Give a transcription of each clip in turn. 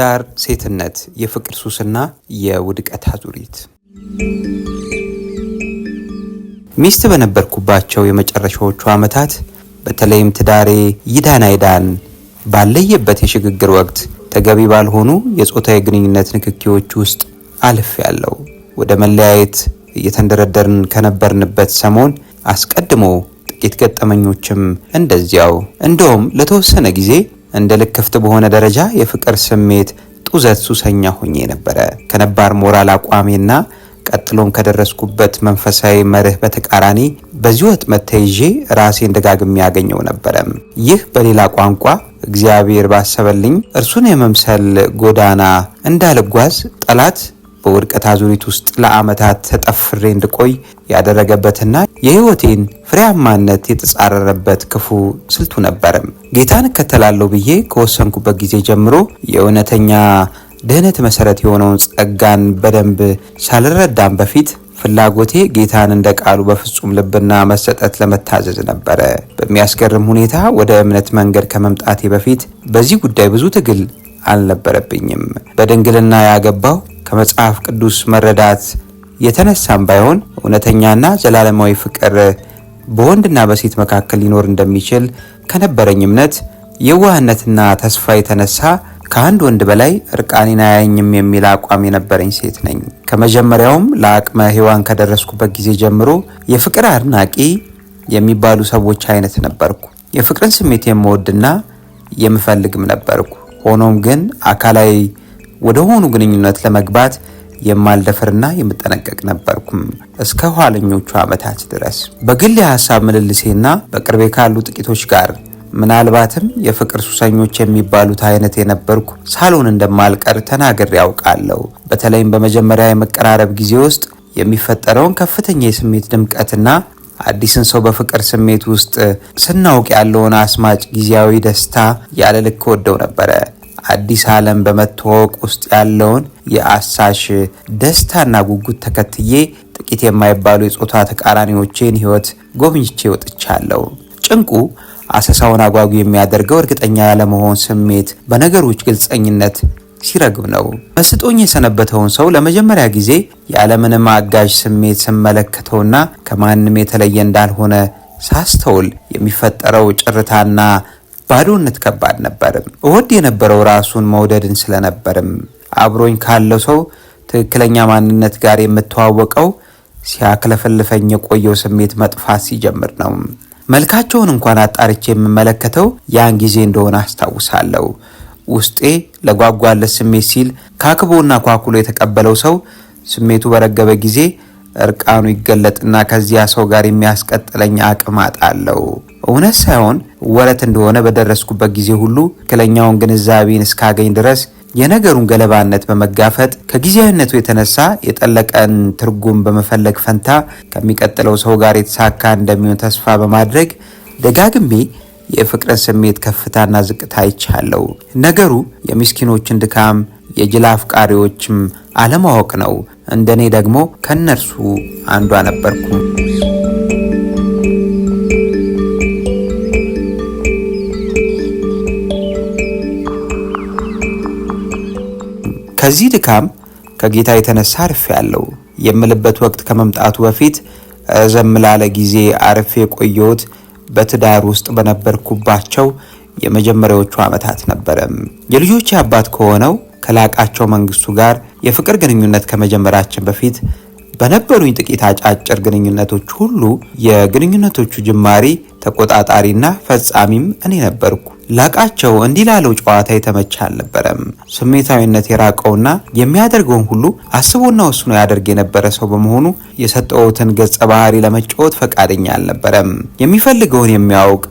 ትዳር፣ ሴትነት፣ የፍቅር ሱስና የውድቀት አዙሪት። ሚስት በነበርኩባቸው የመጨረሻዎቹ ዓመታት በተለይም ትዳሬ ይዳን አይዳን ባለየበት የሽግግር ወቅት ተገቢ ባልሆኑ የጾታዊ ግንኙነት ንክኪዎች ውስጥ አልፍ ያለው ወደ መለያየት እየተንደረደርን ከነበርንበት ሰሞን አስቀድሞ ጥቂት ገጠመኞችም እንደዚያው እንደውም ለተወሰነ ጊዜ እንደ ልክፍት በሆነ ደረጃ የፍቅር ስሜት ጡዘት ሱሰኛ ሆኜ ነበረ። ከነባር ሞራል አቋሜና ቀጥሎም ከደረስኩበት መንፈሳዊ መርህ በተቃራኒ በዚህ ወጥ ተይዤ ራሴን ደጋግሜ ያገኘው ነበረም። ይህ በሌላ ቋንቋ እግዚአብሔር ባሰበልኝ እርሱን የመምሰል ጎዳና እንዳልጓዝ ጠላት በውድቀት አዙሪት ውስጥ ለአመታት ተጠፍሬ እንድቆይ ያደረገበትና የህይወቴን ፍሬያማነት የተጻረረበት ክፉ ስልቱ ነበርም። ጌታን እከተላለሁ ብዬ ከወሰንኩበት ጊዜ ጀምሮ የእውነተኛ ድህነት መሰረት የሆነውን ጸጋን በደንብ ሳልረዳም በፊት ፍላጎቴ ጌታን እንደ ቃሉ በፍጹም ልብና መሰጠት ለመታዘዝ ነበረ። በሚያስገርም ሁኔታ ወደ እምነት መንገድ ከመምጣቴ በፊት በዚህ ጉዳይ ብዙ ትግል አልነበረብኝም። በድንግልና ያገባው ከመጽሐፍ ቅዱስ መረዳት የተነሳም ባይሆን እውነተኛና ዘላለማዊ ፍቅር በወንድና በሴት መካከል ሊኖር እንደሚችል ከነበረኝ እምነት የዋህነትና ተስፋ የተነሳ ከአንድ ወንድ በላይ እርቃኔን አያኝም የሚል አቋም የነበረኝ ሴት ነኝ። ከመጀመሪያውም ለአቅመ ሔዋን ከደረስኩበት ጊዜ ጀምሮ የፍቅር አድናቂ የሚባሉ ሰዎች አይነት ነበርኩ። የፍቅርን ስሜት የምወድና የምፈልግም ነበርኩ። ሆኖም ግን አካላዊ ወደ ሆኑ ግንኙነት ለመግባት የማልደፈርና የምጠነቀቅ ነበርኩም እስከ ኋለኞቹ ዓመታት ድረስ በግል የሀሳብ ምልልሴና በቅርቤ ካሉ ጥቂቶች ጋር ምናልባትም የፍቅር ሱሰኞች የሚባሉት አይነት የነበርኩ ሳሎን እንደማልቀር ተናግሬ ያውቃለሁ። በተለይም በመጀመሪያ የመቀራረብ ጊዜ ውስጥ የሚፈጠረውን ከፍተኛ የስሜት ድምቀትና አዲስን ሰው በፍቅር ስሜት ውስጥ ስናውቅ ያለውን አስማጭ ጊዜያዊ ደስታ ያለ ልክ ወደው ነበረ። አዲስ ዓለም በመተዋወቅ ውስጥ ያለውን የአሳሽ ደስታና ጉጉት ተከትዬ ጥቂት የማይባሉ የጾታ ተቃራኒዎችን ሕይወት ጎብኝቼ ወጥቻለሁ። ጭንቁ አሰሳውን አጓጊ የሚያደርገው እርግጠኛ ያለመሆን ስሜት በነገሮች ግልጸኝነት ሲረግብ ነው። መስጦኝ የሰነበተውን ሰው ለመጀመሪያ ጊዜ ያለምንም አጋዥ ስሜት ስመለከተውና ከማንም የተለየ እንዳልሆነ ሳስተውል የሚፈጠረው ጭርታና ባዶነት ከባድ ነበርም። እወድ የነበረው ራሱን መውደድን ስለነበርም አብሮኝ ካለው ሰው ትክክለኛ ማንነት ጋር የምተዋወቀው ሲያክለፈልፈኝ የቆየው ስሜት መጥፋት ሲጀምር ነው። መልካቸውን እንኳን አጣርቼ የምመለከተው ያን ጊዜ እንደሆነ አስታውሳለሁ። ውስጤ ለጓጓለት ስሜት ሲል ካክቦና ኳኩሎ የተቀበለው ሰው ስሜቱ በረገበ ጊዜ እርቃኑ ይገለጥና ከዚያ ሰው ጋር የሚያስቀጥለኝ አቅም አጣለው። እውነት ሳይሆን ወረት እንደሆነ በደረስኩበት ጊዜ ሁሉ ትክክለኛውን ግንዛቤን እስካገኝ ድረስ የነገሩን ገለባነት በመጋፈጥ ከጊዜያዊነቱ የተነሳ የጠለቀን ትርጉም በመፈለግ ፈንታ ከሚቀጥለው ሰው ጋር የተሳካ እንደሚሆን ተስፋ በማድረግ ደጋግሜ የፍቅርን ስሜት ከፍታና ዝቅታ አይቻለው። ነገሩ የምስኪኖችን ድካም የጅላ አፍቃሪዎችም አለማወቅ ነው። እንደኔ ደግሞ ከነርሱ አንዷ ነበርኩ። ከዚህ ድካም ከጌታ የተነሳ አርፌ ያለው የምልበት ወቅት ከመምጣቱ በፊት ረዘም ላለ ጊዜ አርፌ የቆየሁት በትዳር ውስጥ በነበርኩባቸው የመጀመሪያዎቹ ዓመታት ነበረ። የልጆቼ አባት ከሆነው ከላቃቸው መንግስቱ ጋር የፍቅር ግንኙነት ከመጀመራችን በፊት በነበሩኝ ጥቂት አጫጭር ግንኙነቶች ሁሉ የግንኙነቶቹ ጅማሪ ተቆጣጣሪና ፈጻሚም እኔ ነበርኩ። ላቃቸው እንዲህ ላለው ጨዋታ የተመቸ አልነበረም። ስሜታዊነት የራቀውና የሚያደርገውን ሁሉ አስቦና ወስኖ ያደርግ የነበረ ሰው በመሆኑ የሰጠሁትን ገጸ ባህሪ ለመጫወት ፈቃደኛ አልነበረም። የሚፈልገውን የሚያውቅ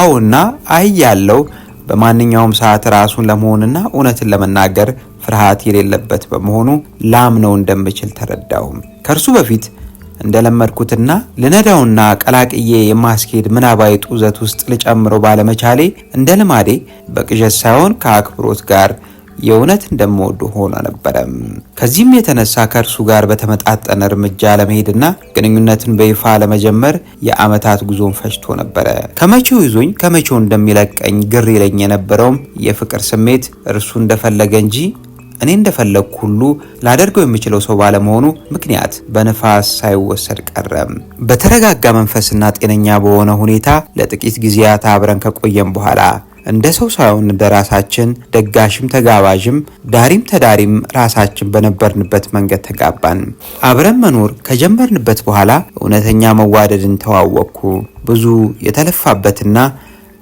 አዎና አይ ያለው በማንኛውም ሰዓት ራሱን ለመሆንና እውነትን ለመናገር ፍርሃት የሌለበት በመሆኑ ላምነው እንደምችል ተረዳውም። ከእርሱ በፊት እንደለመድኩትና ልነዳውና ቀላቅዬ የማስኬድ ምናባዊ ጡዘት ውስጥ ልጨምረው ባለመቻሌ እንደ ልማዴ በቅዠት ሳይሆን ከአክብሮት ጋር የእውነት እንደምወዱ ሆኖ ነበረም። ከዚህም የተነሳ ከእርሱ ጋር በተመጣጠነ እርምጃ ለመሄድና ግንኙነትን በይፋ ለመጀመር የአመታት ጉዞን ፈጅቶ ነበረ። ከመቼው ይዞኝ ከመቼው እንደሚለቀኝ ግር ይለኝ የነበረውም የፍቅር ስሜት እርሱ እንደፈለገ እንጂ እኔ እንደፈለግ ሁሉ ላደርገው የምችለው ሰው ባለመሆኑ ምክንያት በንፋስ ሳይወሰድ ቀረም። በተረጋጋ መንፈስና ጤነኛ በሆነ ሁኔታ ለጥቂት ጊዜያት አብረን ከቆየም በኋላ እንደ ሰው ሳይሆን ራሳችን ደጋሽም ተጋባዥም ዳሪም ተዳሪም ራሳችን በነበርንበት መንገድ ተጋባን። አብረን መኖር ከጀመርንበት በኋላ እውነተኛ መዋደድን ተዋወቅኩ። ብዙ የተለፋበትና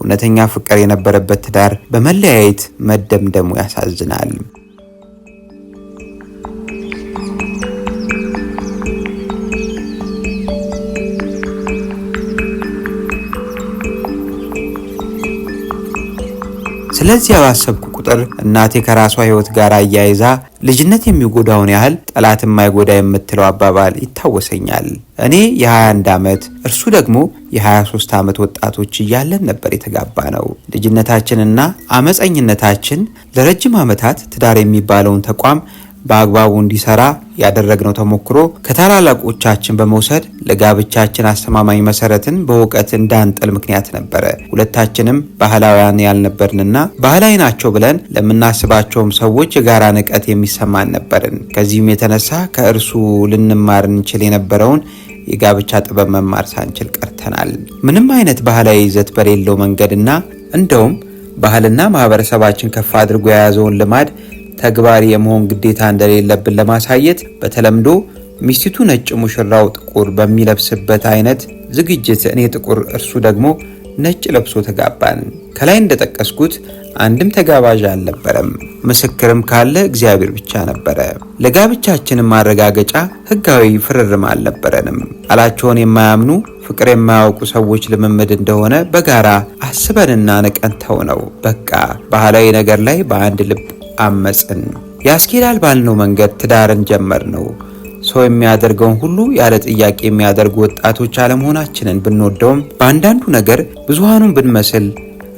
እውነተኛ ፍቅር የነበረበት ትዳር በመለያየት መደምደሙ ያሳዝናል። ስለዚህ ባሰብኩ ቁጥር እናቴ ከራሷ ህይወት ጋር አያይዛ ልጅነት የሚጎዳውን ያህል ጠላት የማይጎዳ የምትለው አባባል ይታወሰኛል። እኔ የ21 ዓመት እርሱ ደግሞ የ23 ዓመት ወጣቶች እያለን ነበር የተጋባ ነው። ልጅነታችንና አመፀኝነታችን ለረጅም ዓመታት ትዳር የሚባለውን ተቋም በአግባቡ እንዲሰራ ያደረግነው ተሞክሮ ከታላላቆቻችን በመውሰድ ለጋብቻችን አስተማማኝ መሰረትን በእውቀት እንዳንጥል ምክንያት ነበረ። ሁለታችንም ባህላውያን ያልነበርንና ባህላዊ ናቸው ብለን ለምናስባቸውም ሰዎች የጋራ ንቀት የሚሰማን ነበርን። ከዚህም የተነሳ ከእርሱ ልንማር እንችል የነበረውን የጋብቻ ጥበብ መማር ሳንችል ቀርተናል። ምንም አይነት ባህላዊ ይዘት በሌለው መንገድና እንደውም ባህልና ማህበረሰባችን ከፍ አድርጎ የያዘውን ልማድ ተግባሪ የመሆን ግዴታ እንደሌለብን ለማሳየት በተለምዶ ሚስቲቱ ነጭ ሙሽራው ጥቁር በሚለብስበት አይነት ዝግጅት እኔ ጥቁር እርሱ ደግሞ ነጭ ለብሶ ተጋባን። ከላይ እንደጠቀስኩት አንድም ተጋባዥ አልነበረም። ምስክርም ካለ እግዚአብሔር ብቻ ነበረ። ለጋብቻችንም ማረጋገጫ ህጋዊ ፍርርም አልነበረንም። አላቸውን የማያምኑ ፍቅር የማያውቁ ሰዎች ልምምድ እንደሆነ በጋራ አስበንና ነቀንተው ነው። በቃ ባህላዊ ነገር ላይ በአንድ ልብ አመፅን ነው ያስኬዳል ባልነው መንገድ ትዳርን ጀመር ነው። ሰው የሚያደርገውን ሁሉ ያለ ጥያቄ የሚያደርጉ ወጣቶች አለመሆናችንን ብንወደውም በአንዳንዱ ነገር ብዙሃኑን ብንመስል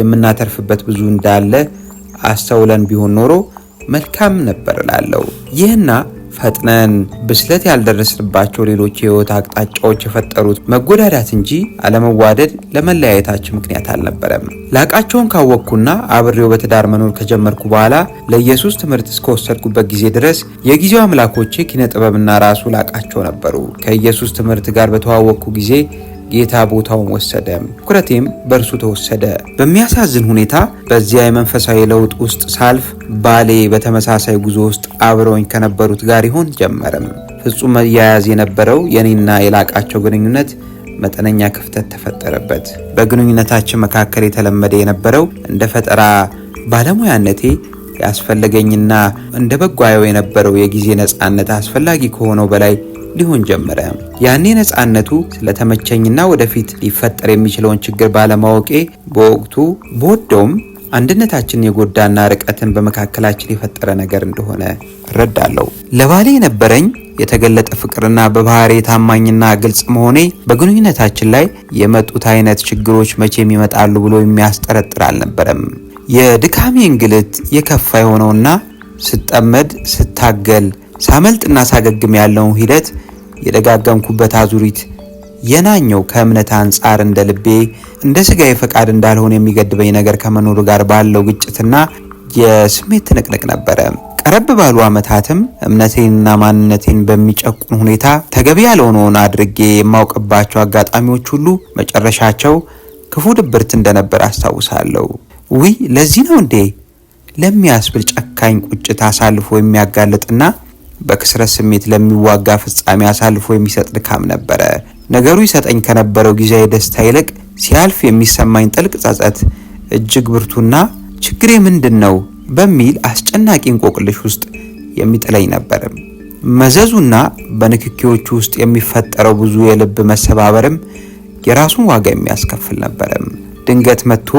የምናተርፍበት ብዙ እንዳለ አስተውለን ቢሆን ኖሮ መልካም ነበር እላለሁ። ይህና ፈጥነን ብስለት ያልደረስንባቸው ሌሎች የህይወት አቅጣጫዎች የፈጠሩት መጎዳዳት እንጂ አለመዋደድ ለመለያየታችን ምክንያት አልነበረም። ላቃቸውን ካወቅኩና አብሬው በትዳር መኖር ከጀመርኩ በኋላ ለኢየሱስ ትምህርት እስከወሰድኩበት ጊዜ ድረስ የጊዜው አምላኮቼ ኪነ ጥበብና ራሱ ላቃቸው ነበሩ። ከኢየሱስ ትምህርት ጋር በተዋወቅኩ ጊዜ ጌታ ቦታውን ወሰደ፣ ትኩረቴም በእርሱ ተወሰደ። በሚያሳዝን ሁኔታ በዚያ የመንፈሳዊ ለውጥ ውስጥ ሳልፍ ባሌ በተመሳሳይ ጉዞ ውስጥ አብረውኝ ከነበሩት ጋር ይሆን ጀመረም። ፍጹም መያያዝ የነበረው የኔና የላቃቸው ግንኙነት መጠነኛ ክፍተት ተፈጠረበት። በግንኙነታችን መካከል የተለመደ የነበረው እንደ ፈጠራ ባለሙያነቴ ያስፈለገኝና እንደ በጓየው የነበረው የጊዜ ነፃነት አስፈላጊ ከሆነው በላይ ሊሆን ጀመረ። ያኔ ነፃነቱ ስለተመቸኝና ወደፊት ሊፈጠር የሚችለውን ችግር ባለማወቄ በወቅቱ በወደውም አንድነታችን የጎዳና ርቀትን በመካከላችን የፈጠረ ነገር እንደሆነ እረዳለሁ። ለባሌ የነበረኝ የተገለጠ ፍቅርና በባህሪ ታማኝና ግልጽ መሆኔ በግንኙነታችን ላይ የመጡት አይነት ችግሮች መቼም ይመጣሉ ብሎ የሚያስጠረጥር አልነበረም። የድካሜ እንግልት የከፋ የሆነውና ስጠመድ ስታገል ሳመልጥና ሳገግም ያለውን ሂደት የደጋገምኩበት አዙሪት የናኘው ከእምነት አንጻር እንደ ልቤ እንደ ስጋዬ ፈቃድ እንዳልሆነ የሚገድበኝ ነገር ከመኖሩ ጋር ባለው ግጭትና የስሜት ትንቅንቅ ነበረ። ቀረብ ባሉ ዓመታትም እምነቴንና ማንነቴን በሚጨቁን ሁኔታ ተገቢ ያልሆነውን አድርጌ የማውቅባቸው አጋጣሚዎች ሁሉ መጨረሻቸው ክፉ ድብርት እንደነበር አስታውሳለሁ። ውይ ለዚህ ነው እንዴ ለሚያስብል ጨካኝ ቁጭት አሳልፎ የሚያጋልጥና በክስረት ስሜት ለሚዋጋ ፍጻሜ አሳልፎ የሚሰጥ ድካም ነበረ። ነገሩ ይሰጠኝ ከነበረው ጊዜያዊ ደስታ ይልቅ ሲያልፍ የሚሰማኝ ጥልቅ ጸጸት እጅግ ብርቱና ችግሬ ምንድን ነው በሚል አስጨናቂ እንቆቅልሽ ውስጥ የሚጥለኝ ነበርም። መዘዙና በንክኪዎቹ ውስጥ የሚፈጠረው ብዙ የልብ መሰባበርም የራሱን ዋጋ የሚያስከፍል ነበርም። ድንገት መጥቶ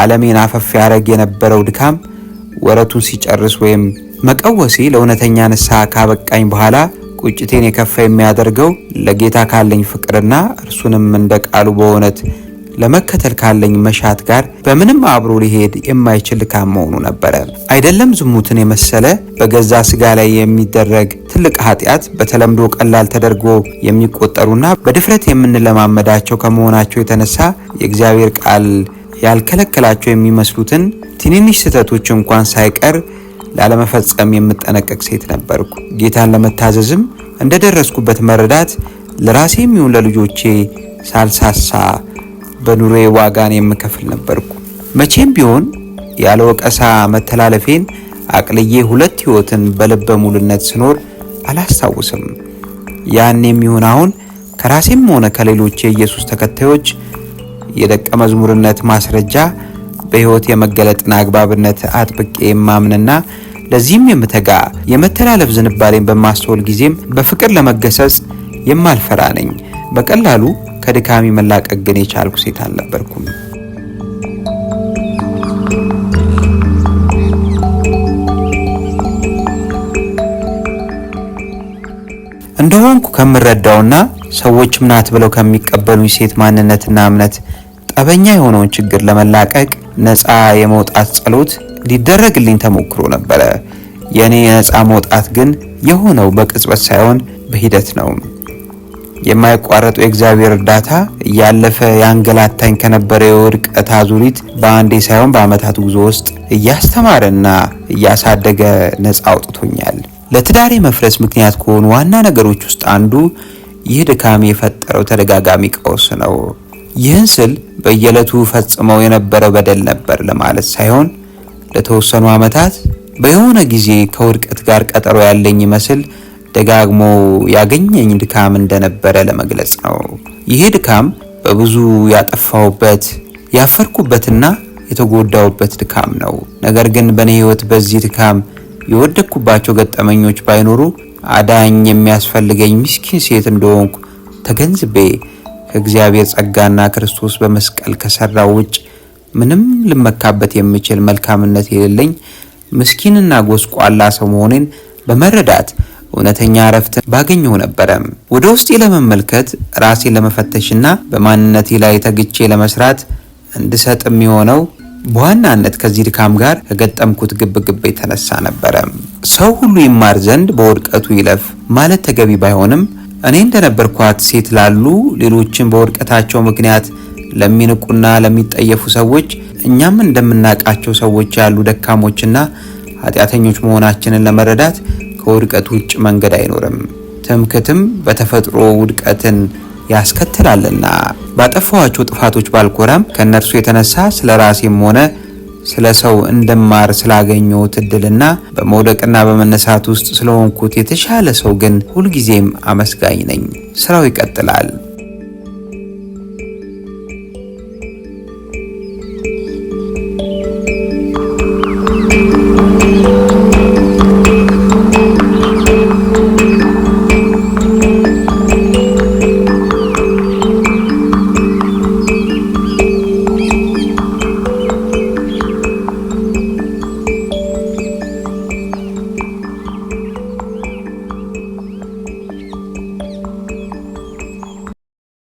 ዓለሜን አፈፍ ያደረግ የነበረው ድካም ወረቱን ሲጨርስ ወይም መቀወሴ ለእውነተኛ ንስሐ ካበቃኝ በኋላ ቁጭቴን የከፋ የሚያደርገው ለጌታ ካለኝ ፍቅርና እርሱንም እንደ ቃሉ በእውነት ለመከተል ካለኝ መሻት ጋር በምንም አብሮ ሊሄድ የማይችል ካም መሆኑ ነበረ። አይደለም ዝሙትን የመሰለ በገዛ ስጋ ላይ የሚደረግ ትልቅ ኃጢአት በተለምዶ ቀላል ተደርጎ የሚቆጠሩና በድፍረት የምንለማመዳቸው ከመሆናቸው የተነሳ የእግዚአብሔር ቃል ያልከለከላቸው የሚመስሉትን ትንንሽ ስህተቶች እንኳን ሳይቀር ላለመፈጸም የምጠነቀቅ ሴት ነበርኩ። ጌታን ለመታዘዝም እንደደረስኩበት መረዳት ለራሴ የሚሆን ለልጆቼ ሳልሳሳ በኑሬ ዋጋን የምከፍል ነበርኩ። መቼም ቢሆን ያለ ወቀሳ መተላለፌን አቅልዬ ሁለት ህይወትን በልበ ሙሉነት ስኖር አላስታውስም። ያን የሚሆን አሁን ከራሴም ሆነ ከሌሎች የኢየሱስ ተከታዮች የደቀ መዝሙርነት ማስረጃ በሕይወት የመገለጥን አግባብነት አጥብቄ የማምንና ለዚህም የምተጋ የመተላለፍ ዝንባሌን በማስተውል ጊዜም በፍቅር ለመገሰጽ የማልፈራ ነኝ። በቀላሉ ከድካሚ መላቀቅ ግን የቻልኩ ሴት አልነበርኩም። እንደሆንኩ ከምረዳውና ሰዎች ምናት ብለው ከሚቀበሉኝ ሴት ማንነትና እምነት ጠበኛ የሆነውን ችግር ለመላቀቅ ነፃ የመውጣት ጸሎት ሊደረግልኝ ተሞክሮ ነበረ። የእኔ የነፃ መውጣት ግን የሆነው በቅጽበት ሳይሆን በሂደት ነው። የማይቋረጡ የእግዚአብሔር እርዳታ እያለፈ ያንገላታኝ ከነበረ የውድቀት አዙሪት በአንዴ ሳይሆን በአመታት ጉዞ ውስጥ እያስተማረና እያሳደገ ነፃ አውጥቶኛል። ለትዳሬ መፍረስ ምክንያት ከሆኑ ዋና ነገሮች ውስጥ አንዱ ይህ ድካም የፈጠረው ተደጋጋሚ ቀውስ ነው። ይህን ስል በየዕለቱ ፈጽመው የነበረ በደል ነበር ለማለት ሳይሆን ለተወሰኑ ዓመታት በየሆነ ጊዜ ከውድቀት ጋር ቀጠሮ ያለኝ ይመስል ደጋግሞ ያገኘኝ ድካም እንደነበረ ለመግለጽ ነው። ይሄ ድካም በብዙ ያጠፋውበት ያፈርኩበትና የተጎዳውበት ድካም ነው። ነገር ግን በእኔ ህይወት በዚህ ድካም የወደኩባቸው ገጠመኞች ባይኖሩ አዳኝ የሚያስፈልገኝ ምስኪን ሴት እንደሆንኩ ተገንዝቤ ከእግዚአብሔር ጸጋና ክርስቶስ በመስቀል ከሰራው ውጭ ምንም ልመካበት የምችል መልካምነት የሌለኝ ምስኪንና ጎስቋላ ሰው መሆኔን በመረዳት እውነተኛ እረፍት ባገኘው ነበረ። ወደ ውስጤ ለመመልከት ራሴ ለመፈተሽና በማንነቴ ላይ ተግቼ ለመስራት እንድሰጥም የሆነው በዋናነት ከዚህ ድካም ጋር ከገጠምኩት ግብግብ የተነሳ ነበረ። ሰው ሁሉ ይማር ዘንድ በውድቀቱ ይለፍ ማለት ተገቢ ባይሆንም እኔ እንደነበርኳት ሴት ላሉ ሌሎችን በውድቀታቸው ምክንያት ለሚንቁና ለሚጠየፉ ሰዎች እኛም እንደምናቃቸው ሰዎች ያሉ ደካሞችና ኃጢአተኞች መሆናችንን ለመረዳት ከውድቀት ውጭ መንገድ አይኖርም። ትምክትም በተፈጥሮ ውድቀትን ያስከትላልና ባጠፋኋቸው ጥፋቶች ባልኮራም ከእነርሱ የተነሳ ስለ ራሴም ሆነ ስለ ሰው እንደማር ስላገኘሁት እድልና በመውደቅና በመነሳት ውስጥ ስለሆንኩት የተሻለ ሰው ግን ሁልጊዜም አመስጋኝ ነኝ። ስራው ይቀጥላል።